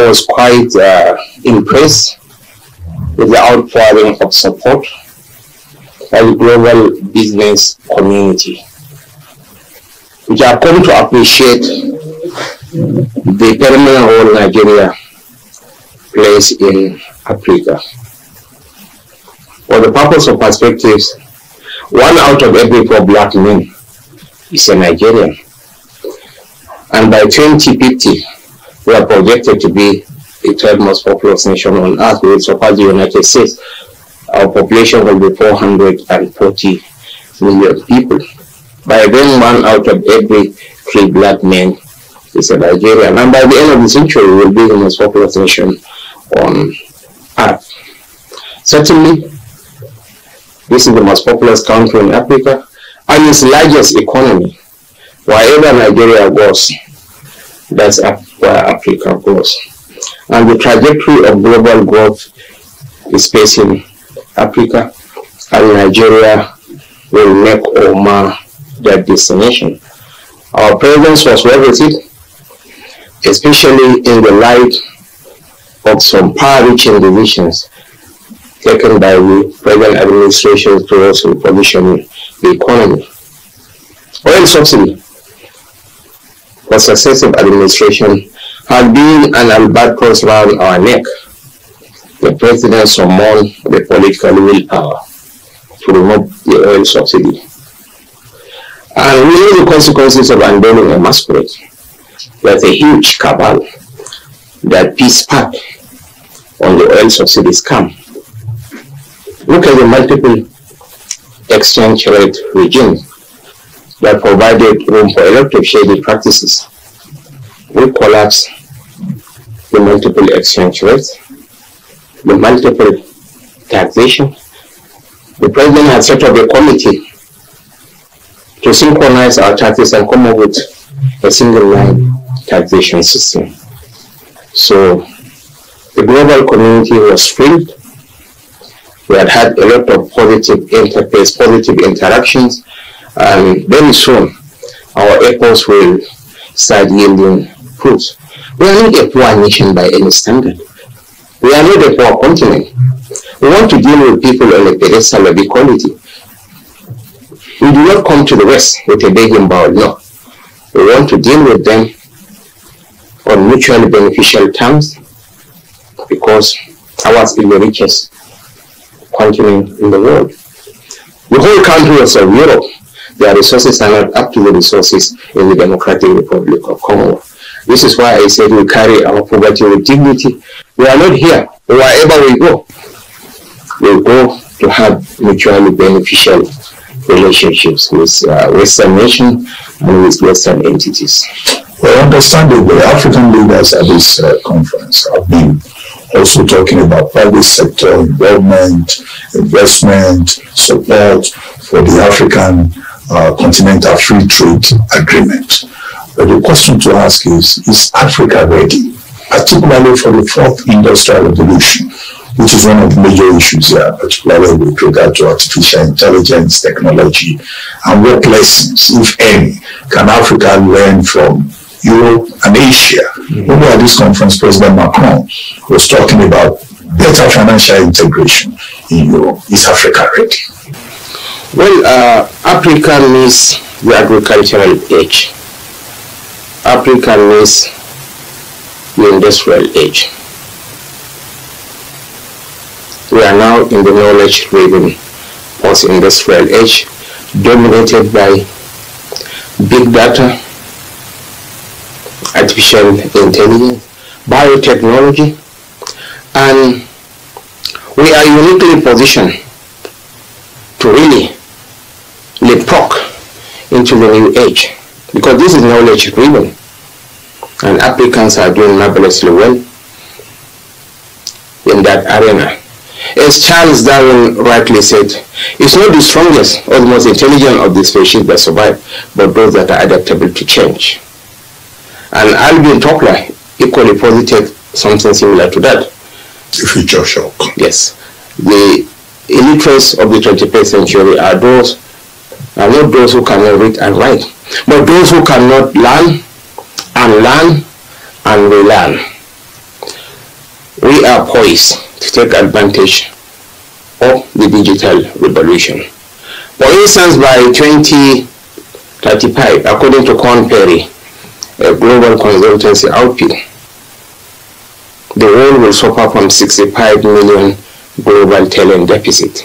I was quite uh, impressed with the outpouring of support by the global business community, which have come to appreciate the permanent role Nigeria plays in Africa. For the purpose of perspectives, one out of every four black men is a Nigerian. And by 2050, we are projected to be the third most populous nation on earth. We will surpass the United States. Our population will be 440 million people. By then, one out of every three black men is a Nigerian. And by the end of the century, we will be the most populous nation on earth. Certainly, this is the most populous country in Africa and its largest economy. Wherever Nigeria goes, that's where Africa goes, And the trajectory of global growth is facing Africa, and Nigeria will make Oman their destination. Our presence was well especially in the light of some power-reaching decisions taken by the present administration towards repositioning the economy. Oil subsidy for successive administration have been an albatross round our neck. The president summoned the political willpower to remove the oil subsidy. And we know the consequences of unveiling a masquerade. There's a huge cabal that peace pact on the oil subsidy scam. Look at the multiple exchange rate regime that provided room for a lot of shady practices. We collapsed the multiple exchange rates, the multiple taxation. The president has set up a committee to synchronize our taxes and come up with a single line taxation system. So the global community was thrilled. We had had a lot of positive interface, positive interactions and very soon our efforts will start yielding fruits. We are not a poor nation by any standard. We are not a poor continent. We want to deal with people on a pedestal of equality. We do not come to the West with a begging bowl, no. We want to deal with them on mutually beneficial terms because ours is the richest continent in the world. The whole country of Europe their resources are not up to the resources in the Democratic Republic of Congo. This is why I said we carry our poverty with dignity. We are not here. Wherever we go, we go to have mutually beneficial relationships with uh, Western nations and with Western entities. Well, understandably, African leaders at this uh, conference have been also talking about private sector involvement, investment, support for the African uh, Continental Free Trade Agreement. But the question to ask is, is Africa ready, particularly for the fourth industrial revolution, which is one of the major issues here, particularly with regard to artificial intelligence technology, and what lessons, if any, can Africa learn from Europe and Asia? Mm-hmm. Only at this conference, President Macron was talking about better financial integration in Europe. Is Africa ready? Well, uh, Africa means the agricultural age. Africa means the industrial age. We are now in the knowledge-driven post-industrial age dominated by big data, artificial intelligence, biotechnology, and we are uniquely positioned into the new age because this is knowledge driven and Africans are doing marvelously well in that arena. As Charles Darwin rightly said, it's not the strongest or the most intelligent of the species that survive, but those that are adaptable to change. And Alvin Toffler equally posited something similar to that. The Future shock. Yes. The illiterates of the 21st century are those are not those who cannot read and write, but those who cannot learn and learn and relearn. We are poised to take advantage of the digital revolution. For instance, by 2035, according to Corn Perry, a global consultancy outfit, the world will suffer from 65 million global talent deficit.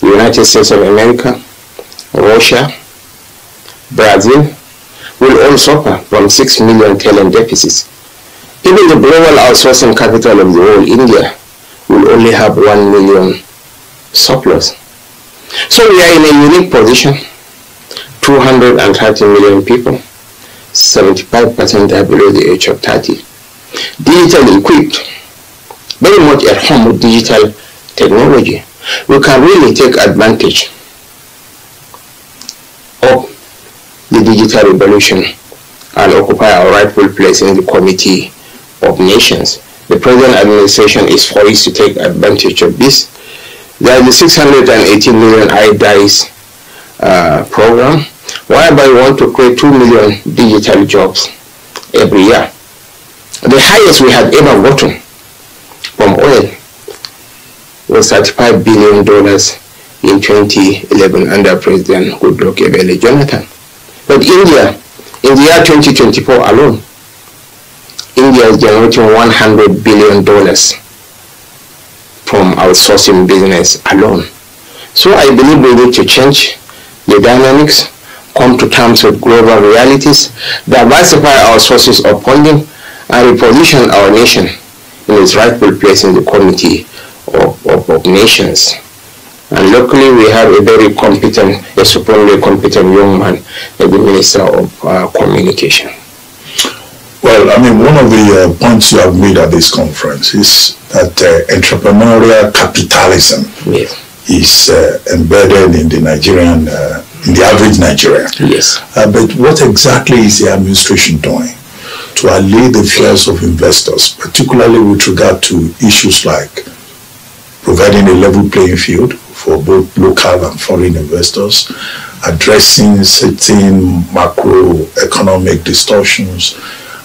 The United States of America Russia, Brazil will all suffer from 6 million talent deficits. Even the global outsourcing capital of the world, India, will only have 1 million surplus. So we are in a unique position. 230 million people, 75% are below the age of 30. Digitally equipped, very much at home with digital technology, we can really take advantage the digital revolution and occupy a rightful place in the committee of nations. The present administration is poised to take advantage of this. There is the 618 million IDIs uh, program, whereby we want to create 2 million digital jobs every year. The highest we have ever gotten from oil was $35 billion in 2011 under President Goodluck Ebele Jonathan. But India, in the year 2024 alone, India is generating $100 billion from outsourcing business alone. So I believe we need to change the dynamics, come to terms with global realities, diversify our sources of funding, and reposition our nation in its rightful place in the community of, of, of nations. And luckily, we have a very competent, a supremely competent young man, the Minister of uh, Communication. Well, I mean, one of the uh, points you have made at this conference is that uh, entrepreneurial capitalism yes. is uh, embedded in the Nigerian, uh, in the average Nigerian. Yes. Uh, but what exactly is the administration doing to allay the fears of investors, particularly with regard to issues like providing a level playing field, for both local and foreign investors, addressing certain macroeconomic distortions,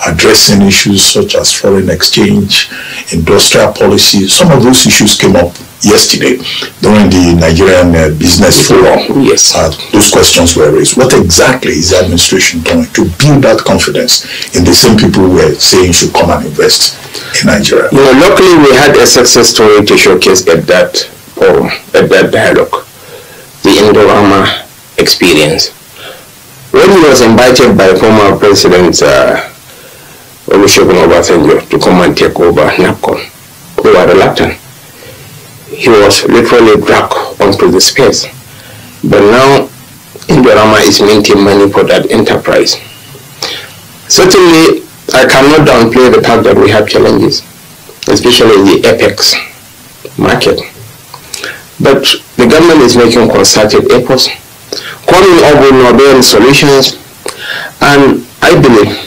addressing issues such as foreign exchange, industrial policy. Some of those issues came up yesterday during the Nigerian uh, Business Forum. Yes. Uh, those questions were raised. What exactly is the administration doing to build that confidence in the same people who were saying should come and invest in Nigeria? Well, luckily we had a success story to showcase at that or at that dialogue, the Indorama experience. When he was invited by former President uh, Obasanjo to come and take over NAPCON, they were reluctant. He was literally dragged onto the space. But now, Indorama is making money for that enterprise. Certainly, I cannot downplay the fact that we have challenges, especially in the apex market. But the government is making concerted efforts, coming up with novel solutions, and I believe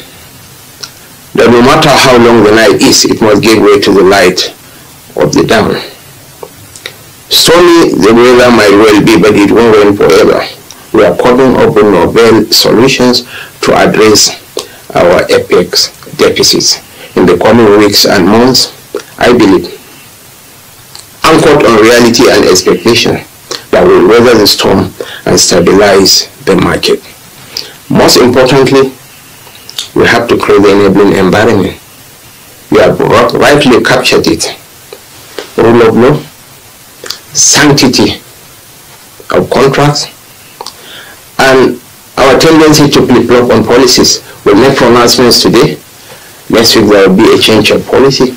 that no matter how long the night is, it must give way to the light of the dawn. Surely the weather might well be, but it won't rain forever. We are coming up with novel solutions to address our apex deficits in the coming weeks and months, I believe reality and expectation that will weather the storm and stabilize the market. Most importantly, we have to create the enabling environment. You have rightly captured it. Rule of law, sanctity of contracts, and our tendency to flip block on policies. we make pronouncements today. Next week there will be a change of policy.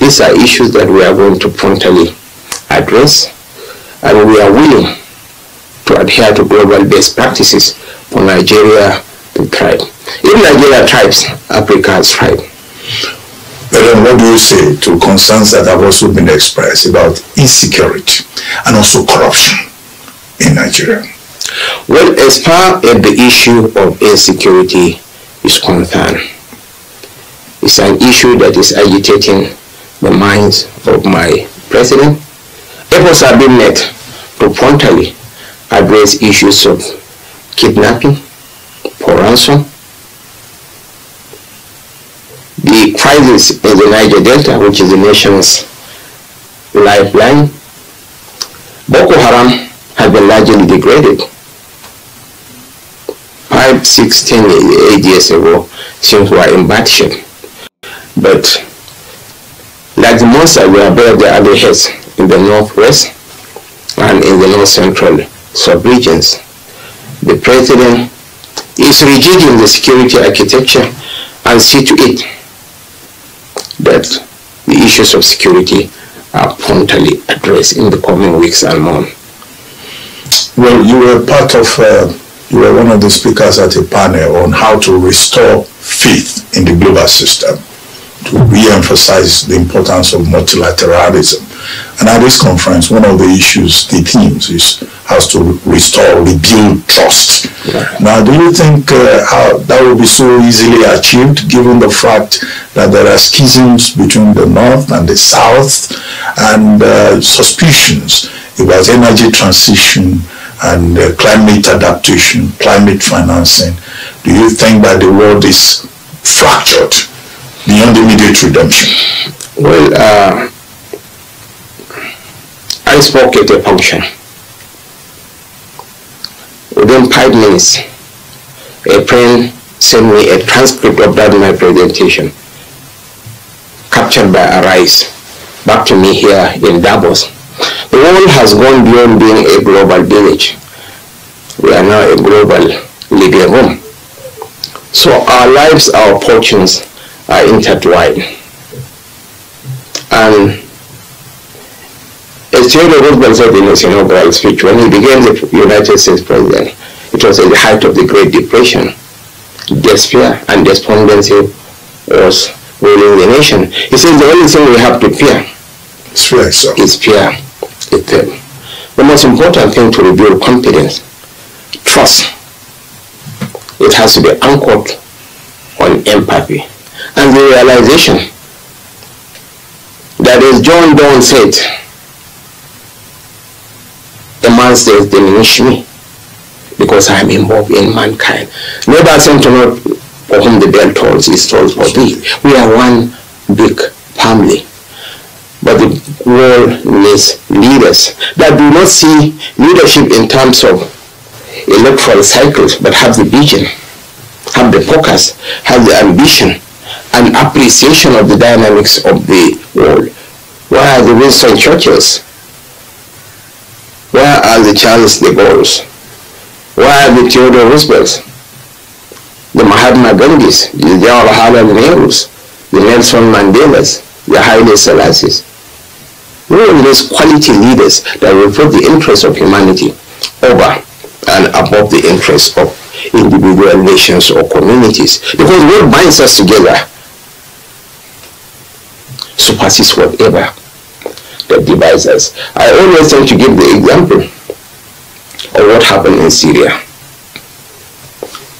These are issues that we are going to frontally address, and we are willing to adhere to global best practices for Nigeria the tribe. Even Nigeria tribes, Africa's tribe. Madam, what do you say to concerns that have also been expressed about insecurity and also corruption in Nigeria? Well, as far as the issue of insecurity is concerned, it's an issue that is agitating the minds of my president Efforts are being made to promptly address issues of kidnapping, ransom, the crisis in the Niger Delta, which is the nation's lifeline, Boko Haram have been largely degraded. Five, six, ten, eight years ago, things were in bad shape. But like the monster, we are better than other heads in the northwest and in the north central subregions. The president is in the security architecture and see to it that the issues of security are promptly addressed in the coming weeks and months. Well, you were part of, uh, you were one of the speakers at a panel on how to restore faith in the global system to re-emphasize the importance of multilateralism. And at this conference, one of the issues, the themes is has to restore, rebuild trust. Right. Now, do you think uh, how that will be so easily achieved given the fact that there are schisms between the North and the South and uh, suspicions about energy transition and uh, climate adaptation, climate financing? Do you think that the world is fractured beyond immediate redemption? Well, uh, I spoke at a function. Within five minutes, a friend sent me a transcript of that my presentation, captured by Arise, back to me here in Davos. The world has gone beyond being a global village. We are now a global living room. So our lives, our fortunes are intertwined. And Theodore Roosevelt said in his inaugural speech when he became the United States president, it was at the height of the Great Depression. Despair and despondency was ruling the nation. He said the only thing we have to fear right, so. is fear The most important thing to rebuild confidence, trust, it has to be anchored on empathy and the realization that as John Donne said, the man says diminish me because I'm involved in mankind. Never seem to know for whom the bell tolls, it tolls for thee. We are one big family. But the world needs leaders that do not see leadership in terms of electoral cycles, but have the vision, have the focus, have the ambition, and appreciation of the dynamics of the world. Why are the Winston churches? Where are the Charles de Gaulle's? Where are the Theodore Roosevelt's? The Mahatma Gandhis, the Jawaharlal Nehrus, the Nelson Mandelas, the Haile Selassies. Who are these quality leaders that will put the interests of humanity over and above the interests of individual nations or communities? Because what binds us together surpasses whatever devices. I always tend to give the example of what happened in Syria.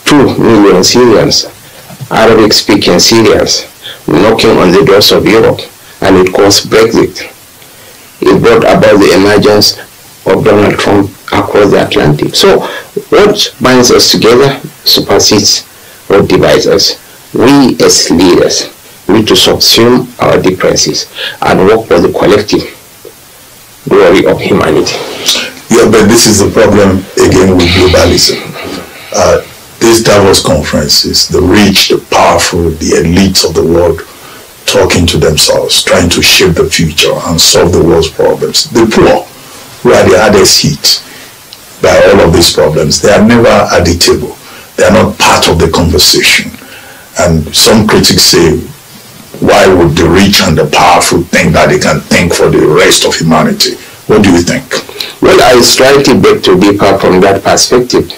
Two million Syrians, Arabic speaking Syrians, knocking on the doors of Europe and it caused Brexit. It brought about the emergence of Donald Trump across the Atlantic. So what binds us together supersedes what divides us. We as leaders need to subsume our differences and work for the collective glory of humanity. Yeah, but this is the problem again with globalism. Uh, this Davos conferences the rich, the powerful, the elites of the world talking to themselves, trying to shape the future and solve the world's problems. The poor, who are the hardest hit by all of these problems, they are never at the table. They are not part of the conversation. And some critics say why would the rich and the powerful think that they can think for the rest of humanity? What do you think? Well, I slightly beg to differ from that perspective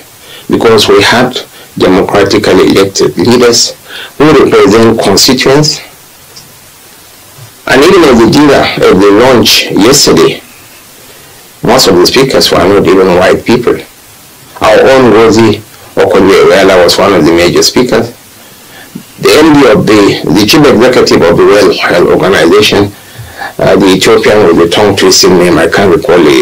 because we have democratically elected leaders who represent constituents. And even at the dinner, at the lunch yesterday, most of the speakers were not even white people. Our own Rosie Okonjo-Iweala was one of the major speakers the MD of the, the chief executive of the World Health Organization, uh, the Ethiopian with the tongue twisting name, I can't recall the,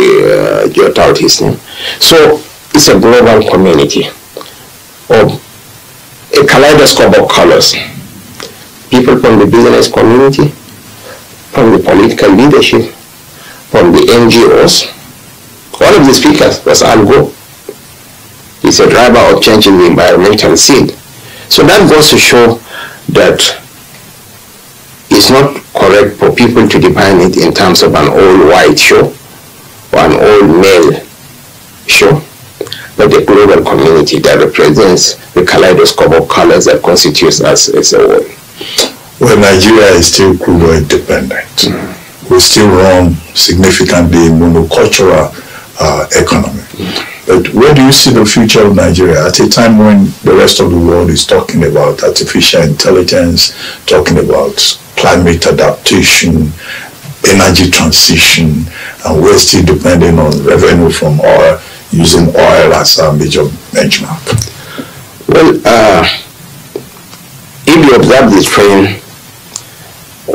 uh, jot out his name. So it's a global community of a kaleidoscope of colors. People from the business community, from the political leadership, from the NGOs. One of the speakers was Al Gore. He's a driver of changing the environmental scene. So that goes to show that it's not correct for people to define it in terms of an old white show or an old male show, but the global community that represents the kaleidoscope of colors that constitutes us as a whole. Well, Nigeria is still global independent. Mm. We still run significantly monocultural uh, economy. Mm. But where do you see the future of Nigeria at a time when the rest of the world is talking about artificial intelligence, talking about climate adaptation, energy transition, and we're still depending on revenue from oil, using oil as our major benchmark? Well, uh, if you observe this trend,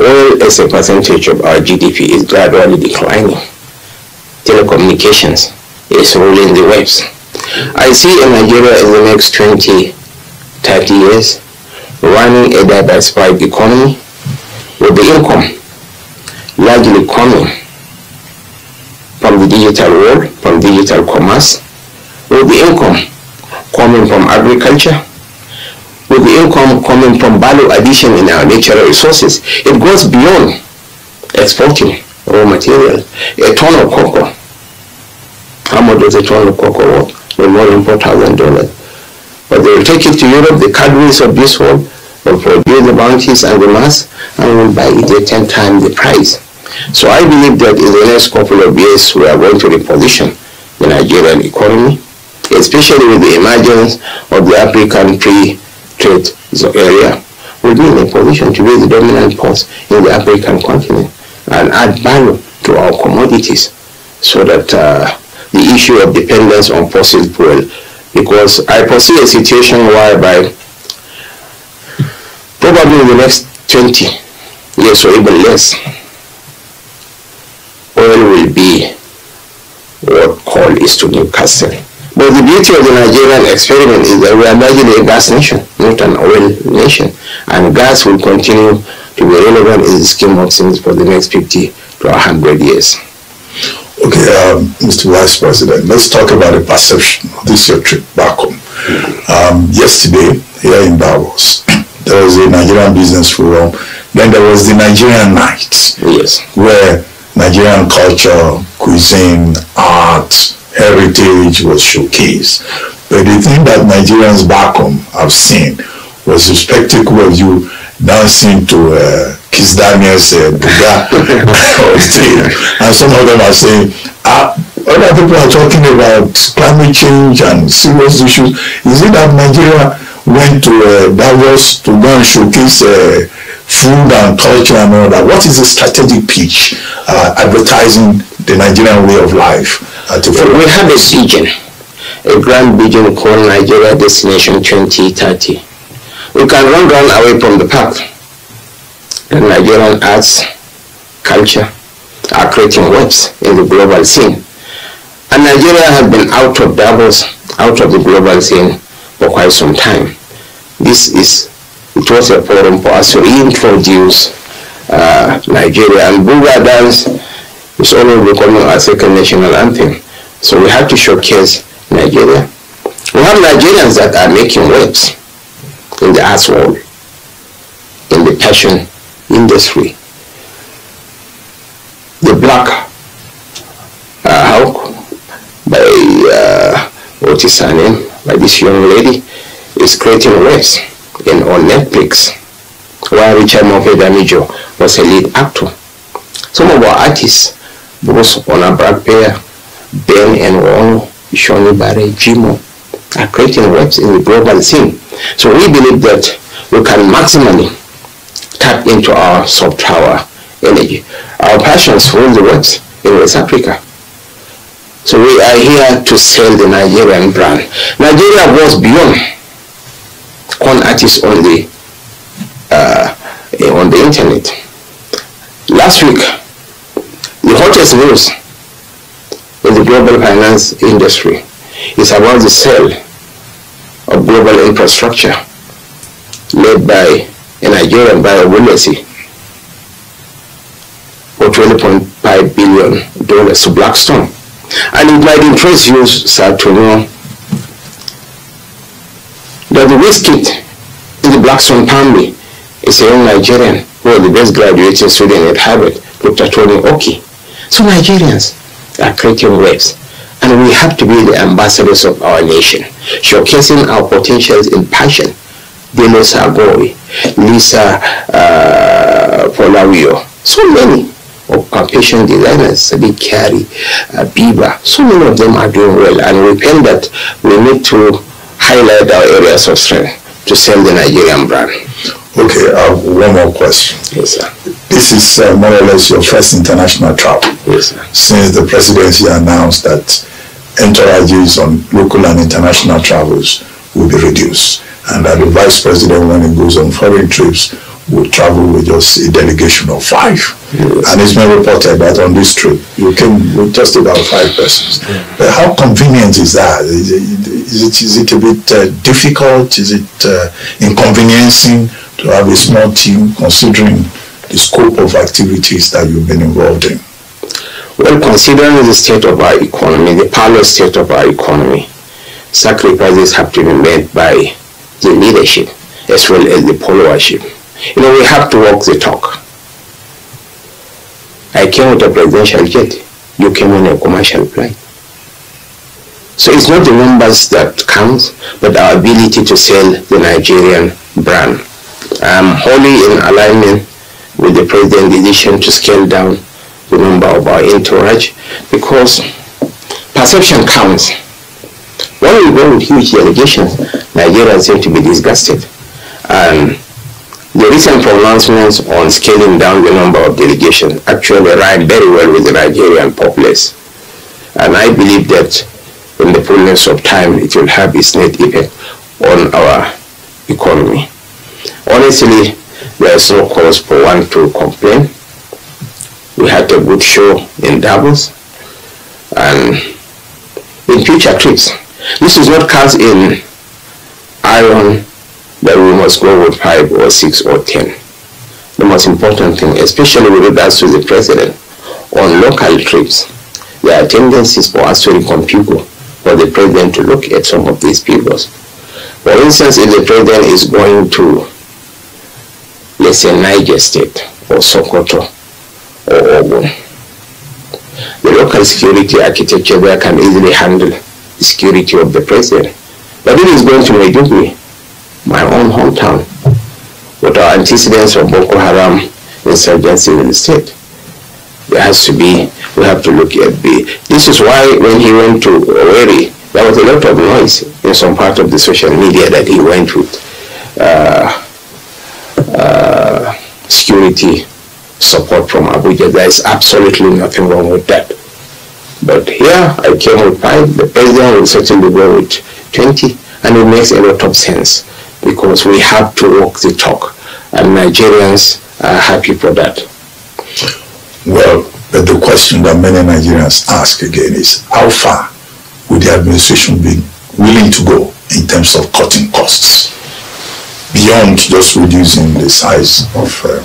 oil as a percentage of our GDP is gradually declining. Telecommunications is rolling the waves. I see a Nigeria in the next 20, 30 years running a diversified economy with the income largely coming from the digital world, from digital commerce, with the income coming from agriculture, with the income coming from value addition in our natural resources. It goes beyond exporting raw material, a ton of cocoa how much kama a ton of cocoa no more than $4,000. But they will take it to Europe, the cadres of this one will produce the bounties and the mass and will buy it at 10 times the price. So I believe that in the next couple of years we are going to reposition the Nigerian economy, especially with the emergence of the African free trade area. We'll be in a position to be the dominant force in the African continent and add value to our commodities so that uh, the issue of dependence on fossil fuel because I foresee a situation whereby probably in the next 20 years or even less, oil will be what coal is to Newcastle. But the beauty of the Nigerian experiment is that we are largely a gas nation, not an oil nation. And gas will continue to be relevant in the scheme of things for the next 50 to 100 years. Okay, um, Mr. Vice President, let's talk about the perception of this your trip back home. Um, yesterday, here in Davos, there was a Nigerian Business Forum. Then there was the Nigerian Night, yes. where Nigerian culture, cuisine, art, heritage was showcased. But the thing that Nigerians back home have seen was the spectacle of you dancing to uh, Kiss Daniels, uh, Buga, and some of them are saying, ah, other people are talking about climate change and serious issues. Is it that Nigeria went to uh, Davos to go and showcase uh, food and culture and all that? What is the strategic pitch uh, advertising the Nigerian way of life? Uh, to we have a vision, a grand vision called Nigeria Destination 2030. We can run run away from the path the Nigerian arts, culture are creating waves in the global scene. And Nigeria has been out of doubles, out of the global scene for quite some time. This is, it was a forum for us to reintroduce uh, Nigeria. And Buga dance is only becoming our second national anthem. So we have to showcase Nigeria. We have Nigerians that are making waves in the arts world, in the passion industry, the black uh, hawk by uh, what is her name by this young lady is creating waves in on Netflix, where Richard Murphy Damijo was a lead actor. Some of our artists, both Ona Blackbear, Ben and Wong, Shoni Barry, Jimo, are creating waves in the global scene. So we believe that we can maximally tap into our soft power energy, our passions for the works in West Africa. So we are here to sell the Nigerian brand. Nigeria goes beyond corn artists on the uh, on the internet. Last week, the hottest news in the global finance industry is about the sale of global infrastructure led by in Nigerian biowitnessy for $20.5 billion to Blackstone. And it might interest you, sir, to know that the risk kid in the Blackstone family is a young Nigerian who was the best graduating student at Harvard, Dr. Tony Oki. So Nigerians are creating waves and we have to be the ambassadors of our nation, showcasing our potentials in passion Beno Sagoy, Lisa uh, So many of Caucasian designers, Sadiq Kari, uh, Biba, so many of them are doing well. And we feel that we need to highlight our areas of strength to sell the Nigerian brand. Okay, I have one more question. Yes, sir. This is uh, more or less your first international travel. Yes, sir. Since the presidency announced that entourages on local and international travels will be reduced and that the vice president, when he goes on foreign trips, would travel with just a delegation of five. Yes. And it's been reported that on this trip, you came with just about five persons. Yeah. But how convenient is that? Is it, is it, is it a bit uh, difficult? Is it uh, inconveniencing to have a small team considering the scope of activities that you've been involved in? Well, considering the state of our economy, the parallel state of our economy, sacrifices have to be made by the leadership as well as the followership. You know, we have to walk the talk. I came with a presidential jet. You came on a commercial plane. So it's not the numbers that count, but our ability to sell the Nigerian brand. I'm wholly in alignment with the president's decision to scale down the number of our entourage because perception counts. When you go with huge delegations, Nigerians seem to be disgusted. And um, the recent pronouncements on scaling down the number of delegations actually align very well with the Nigerian populace. And I believe that in the fullness of time, it will have its net effect on our economy. Honestly, there is no cause for one to complain. We had a good show in Davos and in future trips this is what comes in iron that we must go with 5 or 6 or 10. The most important thing, especially with regards to the president, on local trips, there are tendencies for us to people for the president to look at some of these people. For instance, if the president is going to, let's say, Niger State or Sokoto or Ogun, the local security architecture there can easily handle security of the president. But it is going to Maiduguri, my own hometown, with our antecedents of Boko Haram insurgency in the state. There has to be, we have to look at the, this is why when he went to Oweri, there was a lot of noise in some part of the social media that he went with uh, uh, security support from Abuja. There is absolutely nothing wrong with that. But here I came with 5, the president will certainly go with 20 and it makes a lot of sense because we have to walk the talk and Nigerians are happy for that. Well, but the question that many Nigerians ask again is how far would the administration be willing to go in terms of cutting costs beyond just reducing the size of uh,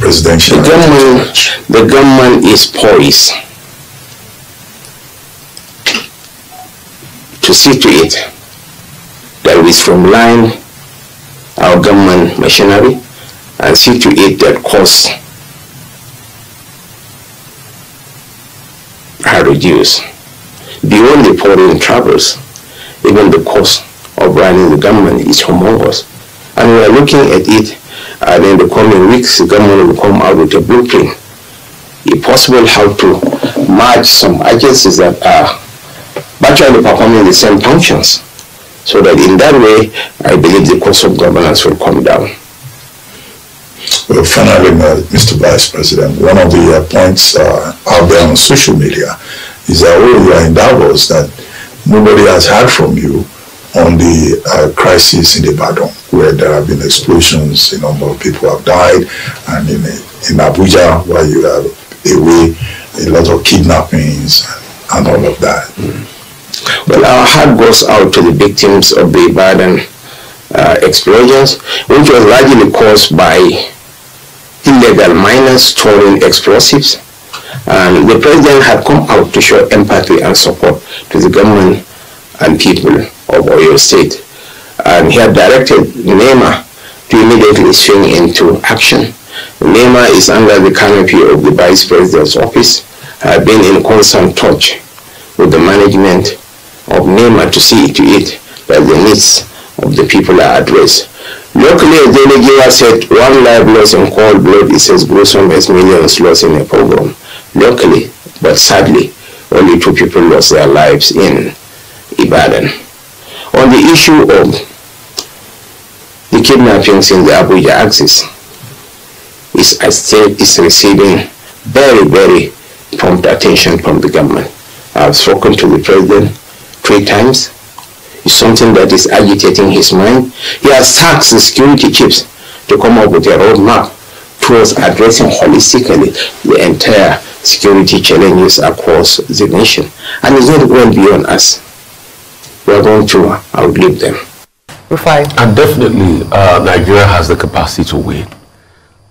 presidential? The government, the government is poised to see to it that we streamline our government machinery and see to it that costs are reduced. Beyond the foreign travels even the cost of running the government is humongous. And we are looking at it and in the coming weeks the government will come out with a blueprint. If possible, how to merge some agencies that are virtually performing the same functions. So that in that way, I believe the cost of governance will come down. Well, finally, uh, Mr. Vice President, one of the uh, points uh, out there on social media is that all oh, you are in Davos that nobody has heard from you on the uh, crisis in the Ibadan, where there have been explosions, a number of people have died, and in, in Abuja, where you have away, a lot of kidnappings and all of that. Well, our heart goes out to the victims of the Ibadan uh, explosions, which was largely caused by illegal miners storing explosives. And the president had come out to show empathy and support to the government and people of Oyo State. And he had directed NEMA to immediately swing into action. NEMA is under the canopy of the vice president's office, have uh, been in constant touch with the management of NEMA to see to it that the needs of the people are addressed. Locally, a delegate said one life lost in cold blood is as gruesome as millions lost in a pogrom. Locally, but sadly, only two people lost their lives in Ibadan. On the issue of the kidnappings in the Abuja axis, is, is receiving very, very prompt attention from the government. I've spoken to the president three times. It's something that is agitating his mind. He has tasked the security chiefs to come up with a roadmap towards addressing holistically the entire security challenges across the nation. And it's not going beyond us. We are going to outlive them. We're fine. And definitely, uh, Nigeria has the capacity to win.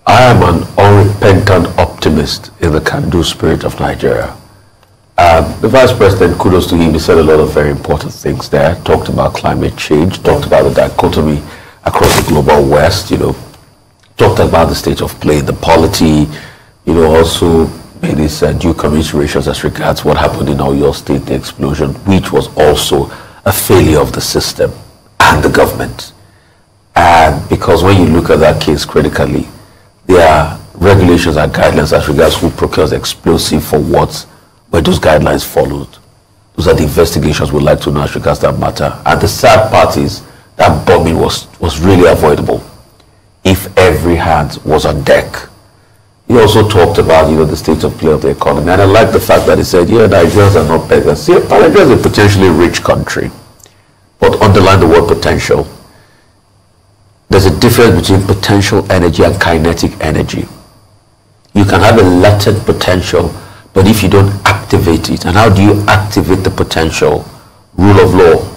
I am an unrepentant optimist in the can-do spirit of Nigeria. Um, the Vice President, kudos to him, he said a lot of very important things there. Talked about climate change, talked about the dichotomy across the global west, you know, talked about the state of play, the polity, you know, also made his uh, due commiserations as regards what happened in our state, the explosion, which was also a failure of the system and the government. And because when you look at that case critically, there are regulations and guidelines as regards who procures explosive for what were those guidelines followed? Those are the investigations we'd like to know as regards that matter. And the sad part is that bombing was, was really avoidable if every hand was on deck. He also talked about, you know, the state of play of the economy. And I like the fact that he said, yeah, Nigerians are not beggars. See, Nigeria is a potentially rich country. But underline the word potential. There's a difference between potential energy and kinetic energy. You can have a latent potential but if you don't activate it, and how do you activate the potential? Rule of law,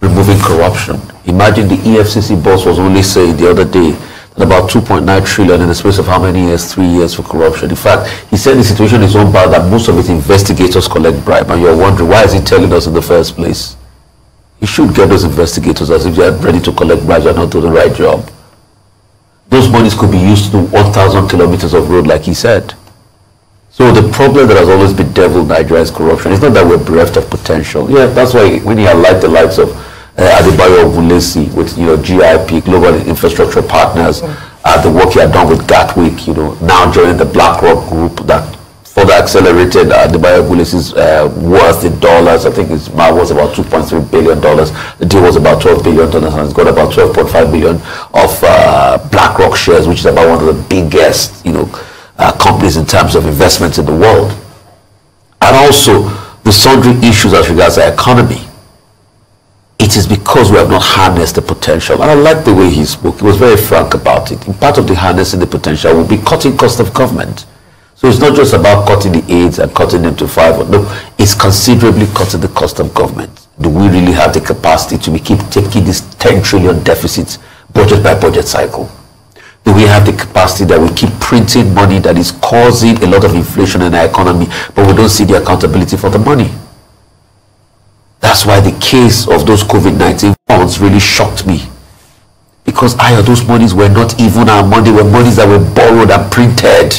removing corruption. Imagine the EFCC boss was only saying the other day that about 2.9 trillion in the space of how many years? Three years for corruption. In fact, he said the situation is so bad that most of its investigators collect bribe, and you're wondering why is he telling us in the first place? He should get those investigators as if they are ready to collect bribes and not do the right job. Those monies could be used to 1,000 kilometers of road, like he said. So the problem that has always bedeviled Nigeria is corruption. It's not that we're bereft of potential. Yeah, that's why when you highlight the likes of uh, Adebayo Obulesi with you know GIP Global Infrastructure Partners, uh, the work he had done with Gatwick, you know, now joining the BlackRock group that further accelerated uh, Adebayo Obulesi's uh, worth in dollars. I think his was about 2.3 billion dollars. The deal was about 12 billion dollars, and it's got about 12.5 billion of uh, BlackRock shares, which is about one of the biggest, you know uh, companies in terms of investments in the world, and also the sundry issues as regards our economy. It is because we have not harnessed the potential. And I like the way he spoke. He was very frank about it. And part of the harnessing the potential will be cutting cost of government. So it's not just about cutting the aids and cutting them to five. No, it's considerably cutting the cost of government. Do we really have the capacity to keep taking this 10 trillion deficits budget by budget cycle? Do we have the capacity that we keep printing money that is causing a lot of inflation in our economy, but we don't see the accountability for the money? That's why the case of those COVID 19 funds really shocked me. Because I, those monies were not even our money, were monies that were borrowed and printed.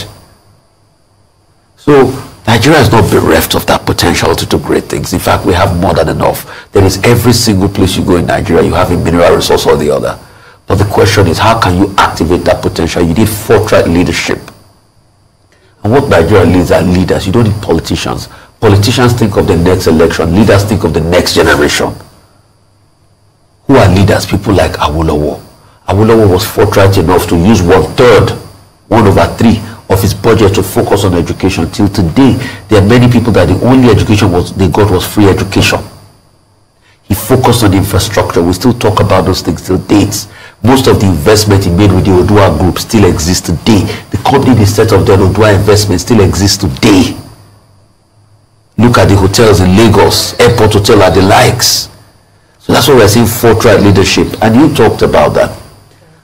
So Nigeria is not bereft of that potential to do great things. In fact, we have more than enough. There is every single place you go in Nigeria, you have a mineral resource or the other. But the question is, how can you activate that potential? You need forthright leadership. And what Nigeria needs are leaders. You don't need politicians. Politicians think of the next election. Leaders think of the next generation. Who are leaders? People like Awolowo. Awolowo was forthright enough to use one third, one over three of his budget to focus on education. Till today, there are many people that the only education was they got was free education. He focused on the infrastructure. We still talk about those things till dates. Most of the investment he made with the Odua Group still exists today. The company they set up the Odua Investment still exists today. Look at the hotels in Lagos, airport hotel are the likes. So that's what we're seeing forthright leadership. And you talked about that.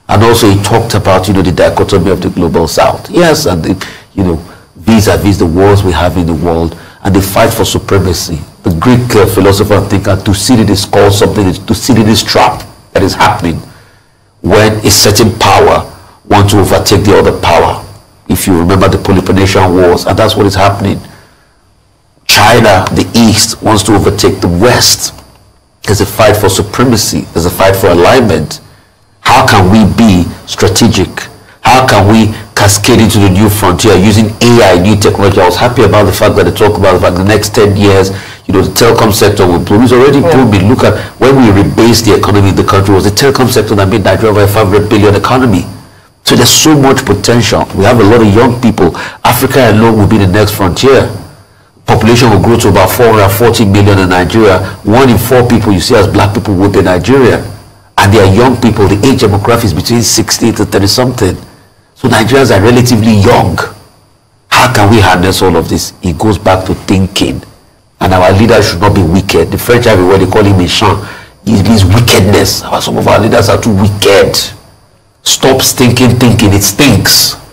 And also he talked about, you know, the dichotomy of the global south. Yes, and the, you know, vis a -vis the wars we have in the world and the fight for supremacy the Greek uh, philosopher and thinker uh, Thucydides calls something the Thucydides trap that is happening when a certain power wants to overtake the other power. If you remember the Peloponnesian Wars, and that's what is happening. China, the East, wants to overtake the West. There's a fight for supremacy. There's a fight for alignment. How can we be strategic? How can we cascade into the new frontier using AI, new technology? I was happy about the fact that they talk about the, fact the next 10 years, you know, the telecom sector will boom. It's already yeah. booming. Look at when we rebased the economy in the country, was the telecom sector that made Nigeria a 500 billion economy. So there's so much potential. We have a lot of young people. Africa alone will be the next frontier. Population will grow to about 440 million in Nigeria. One in four people you see as black people would be Nigerian. And they are young people. The age demographic is between 60 to 30 something. So Nigerians are relatively young. How can we harness all of this? It goes back to thinking. and our leaders should not be wicked. The French have a word they call him méchant. is this wickedness. Some of our leaders are too wicked. Stop stinking thinking. It stinks.